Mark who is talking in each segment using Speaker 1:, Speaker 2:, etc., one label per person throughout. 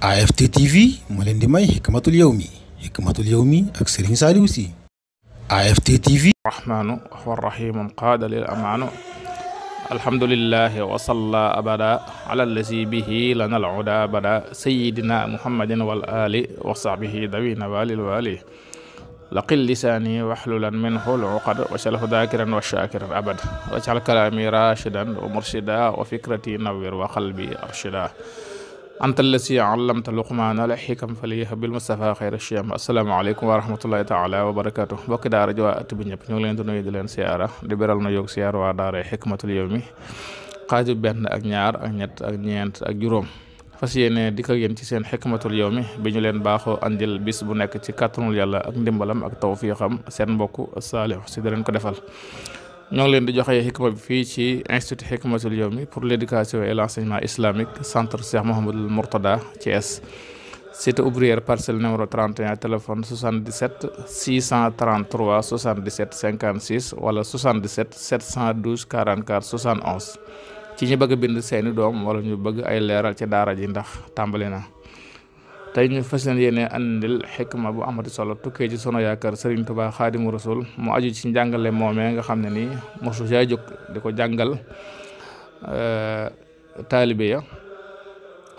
Speaker 1: AFT TV moo leen di may xikmatul yow mi xikmatul yow mi ak Serigne Saliou Sy AFT TV rahmaanu wa rahiimu qaada lil amaanu alhamdulillahi wa salla abada ala allazi bihi lana al uda abada sayidina muhammadin wal ali wa sahbihi dawina walil wali laqil lisaani waxlulan minhu al uqad waj'alhu daakiran wa shaakiran abad waj'al kalaami rashidan wa murshidan wa fikrati nawwir wa qalbi arshida anta allasi allamta luqmaana al xikam fa liyaha bil mustafa xayra shiyam asalaamaaleykum wa rahmatullahi taala wa barakaatu mbokki daara ji waa at bi ñëpp ñu ngi leen di nuyu di leen siyaara di beral na yoog siyaar waa daara xikmatul yawmi xaaju benn ak ñaar ak ñett ak ñeent ak juróom fas yéene di ko yéen ci seen xikmatul yawmi bi ñu leen baaxoo andil bis bu nekk ci kàttanul yàlla ak ndimbalam ak tawfiixam seen mbokk saalix si da leen ko defal ñoo ngi leen di joxe xikma bi fii ci institut Hikmatul Yawmi pour l'éducation et l'enseignement islamique centre Cheikh Mouhamadul Mourtada Thiès cité ouvrière parcelle numéro 31 téléphone 77 633 77 56 wala 77 712 44 71 ci ñu bëgg bind seeni doom wala ñu bëgg ay leeral ci daara ji ndax tàmbali na tey ñu fas yéene andil xikma bu amati solo tukkee ci sunu yaakaar Serigne Touba Xaadimu Rasul mu aju ci njàngale moomee nga xam ne nii mosu saa jóg di ko jàngal eh, taalibe ya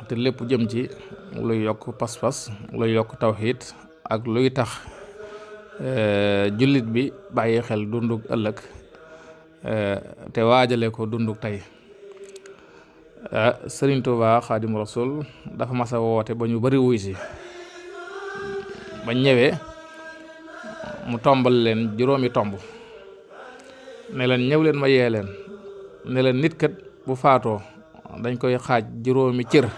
Speaker 1: te lépp jëm ci luy yokk pas-pas luy yokk tawxiid ak luy tax eh, jullit bi bàyyee xel dundug ëllëg eh, te waajale ko dundug tey. Eh, sëriñ Touba xaadim rasul dafa mas a woote ba ñu bari wuy ba ñëwee mu tombal leen juróomi tomb ne leen ñëw leen ma yee leen ne leen nit kat bu faatoo dañ koy xaaj juróomi cër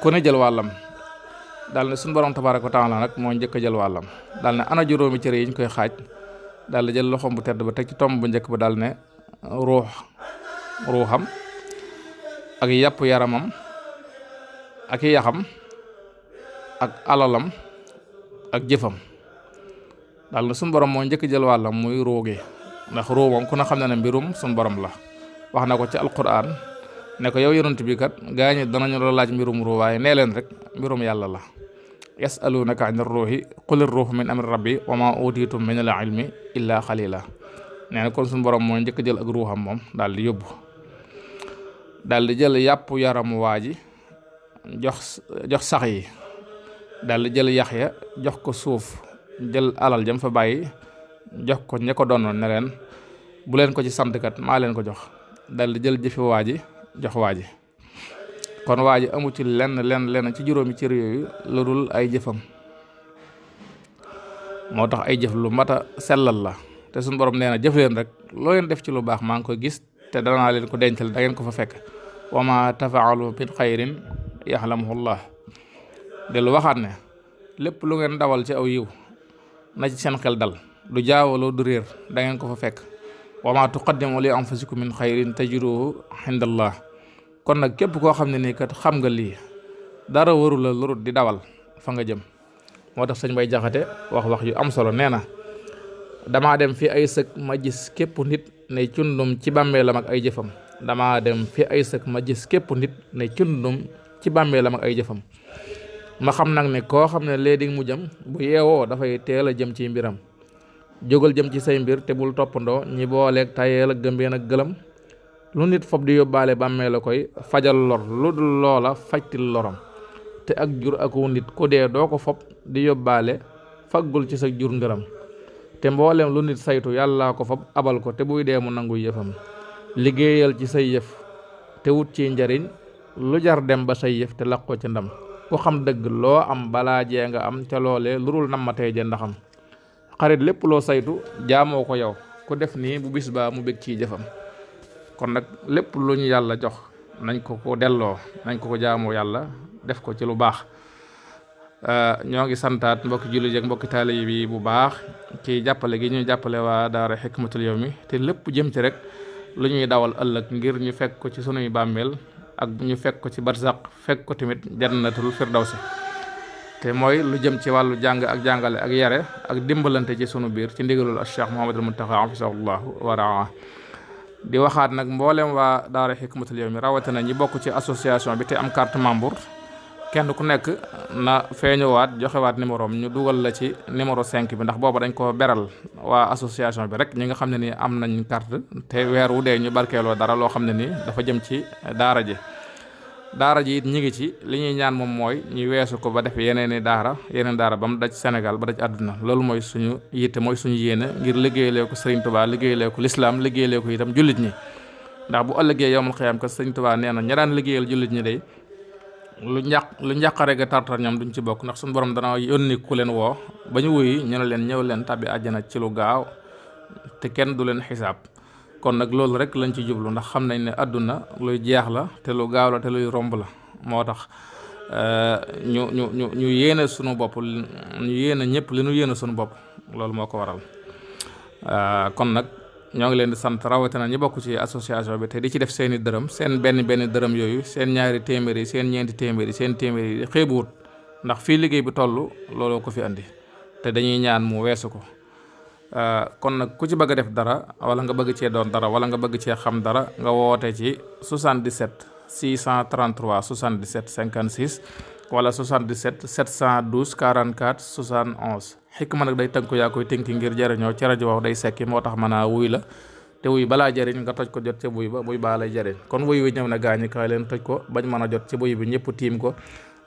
Speaker 1: ku ne jël wàllam daal ne suñu borom tabaaraka wa taala nag moo njëkk jël wàllam dal ne ana juróomi cër yi ñu koy xaaj daal di jël loxoom bu tedd ba teg ci tomb bu njëkk ba daal ne ruux ruuxam ak yàpp yaramam ak yaxam ak alalam ak jëfam daal na suñu borom moo njëkk jël wàllam muy roogee ndax roo moom ku ne xam na ne mbirum suñ borom la wax na ko ci alquran ne ko yow yonent bi gaa gaañu dana la laaj mbirum roo waaye nee leen rek mbirum yàlla la yasalunaka ani ruuhi qulir ruuhu min amri rabbi wa ma utitum min al ilmi illa xalila nee na kon suñu borom moo njëkk jël ak ruuxam moom daal di yóbbu daal di jël yàpp yaramu waa ji jox sax yi daldi jël yax ya jox ko suuf jël alal jëm fa bàyyi jox ko ña ko doonoon ne bu leen ko ci sant kat maa leen ko jox daal di jël jëfi waa ji jox waa ji kon waa ji amu ci lenn lenn lenn ci juróomi cër yooyu lu dul ay jëfam moo tax ay jëf lu mat a sellal la te suñu borom nee na jëf leen rek loo leen def ci lu baax maa ngi koy gis te danaa leen ko dencal da ngeen ko fa fekk wa ma tafaalu min xayrin de dellu waxaat ne lépp lu ngeen dawal ci aw yiw na ci seen xel dal du jaawaloo du réer da ngeen ko fa fekk wa ma tuqaddimu li anfusikum min xayrin tajiduhu indallah kon nag képp koo xam ne nii kat xam nga lii dara waru la lurut di dawal fa nga jëm moo tax sëñ bay jaxate wax wax yu am solo nee na damaa dem fi ay sëg ma gis képp nit ne cundum ci la ak ay jëfam dama dem fi ay sëkk ma gis képp nit ne cundum ci bàmmeelam ak ay jëfam ma xam nag ne koo xam ne léegi mu jëm bu yeewoo dafay teel a jëm ci mbiram jógal jëm ci say mbir te bul toppandoo ñi booleeg tayeel la gëmbeen nag gëlëm lu nit fob di yóbbaale bàmmeela koy fajal lor lu dul loola fajtil lorom te ak jur aku nit ku dee doo ko fob di yóbbaale faggul ci sa jur ngërëm te mbooleem lu nit saytu yàllaa ko fob abal ko te buy dee mu nangu yëfam liggéeyal ci say yëf te wut ci njariñ lu jar dem ba say yëf te làqoo ca ndam ku xam dëgg loo am balaa jee nga am ca loolee lu dul nammatee ja ndaxam xarit lépp loo saytu jaamoo ko yow ku def nii bu bis baa mu bég ciy jëfam kon nag lépp lu ñu yàlla jox nañ ko ko delloo nañ ko ko jaamoo yàlla def ko ci lu baax euh, ñoo ngi santaat mbokki jullit yi ak mbokki taalibe yi bu baax ci jàppale gi ñuy jàppale waa daara Hikmatul Yawmi te lépp jëm ci rek lu ñuy dawal ëllëg ngir ñu fekk ko ci sunuy bàmmeel ak ñu fekk ko ci barzaq fekk ko timit tamit jannatul firdawsi te mooy lu jëm ci wàllu jàng ak jàngale ak yare ak dimbalante ci sunu biir ci ndigalul Cheikh Mouhamadul Mountakha hafisahullahu wa raa di waxaat nag mboolem waa daara Hikmatul Yawmi rawatina ñi bokk ci association bi te am carte membre kenn ku nekk na feeñuwaat joxewaat numéro ñu dugal la ci numéro 5 bi ndax booba dañ ko beral waa association bi rek ñu nga xam ne ni am nañ carte te weer wu dee ñu barkeeloo dara loo xam ne ni dafa jëm ci daara ji daara ji it ñi ngi ci li ñuy ñaan moom mooy ñu weesu ko ba def yeneen i daara yeneen daara ba mu daj senegal ba daj àdduna loolu mooy suñu yitte mooy suñu yéene ngir liggéeyalee ko Serigne Touba liggéeyalee ko lislaam liggéeyalee ko itam jullit ñi ndax bu ëllëgee yowmal xiyaam ka Serigne Touba nee na ña daan liggéeyal jullit ñi day lu njàq lu njàqare ga tartar ñoom duñ ci bokk ndax suñu borom dana yónni ku leen woo ba ñu wuyu ñu ne leen ñëw leen tabi àjjana ci lu gaaw te kenn du leen xisaab kon nag loolu rek lañ ci jublu ndax xam nañ ne àdduna luy jeex la te lu gaaw la te luy romb la moo tax euh, ñu ñu ñu ñu yéene sunu bopp ñu yéene ñëpp li ñu yéene sunu bopp loolu moo ko waral euh, kon nag. ñoo ngi leen di sant rawatina ñi bokk ci association bi te di ci def seeni dërëm seen benn benn dërëm yooyu seen ñaari téeméeri seen ñeenti téeméeri seen téeméeri xeebuwut ndax fii liggéey bi toll looloo ko fi indi te dañuy ñaan mu weesu ko euh, kon nag ku ci bëgg a def dara wala nga bëgg cee doon dara wala nga bëgg cee xam dara nga woote ci 77 633 77 56. wala 77 712 44 71 xikma nag day tënk yaa koy tënki ngir jariñoo ci rajo wax day sekki moo tax mën a wuy la te wuy balaa jariñ nga toj ko jot ci buy ba buy baa lay jariñ kon wuy wi ñëw na gaañi kaay leen toj ko bañ mën a jot ci buy bi ñëpp tiim ko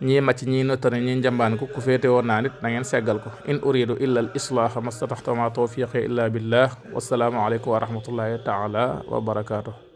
Speaker 1: ñii màcc ñii nottane ñii njambaan ko ku féete woon naa nit na ngeen seggal ko in uridu illa al islaaha mastataxtama tawfiqi illa billah wasalaamu aleykum wa rahmatullahi taala wa barakatuh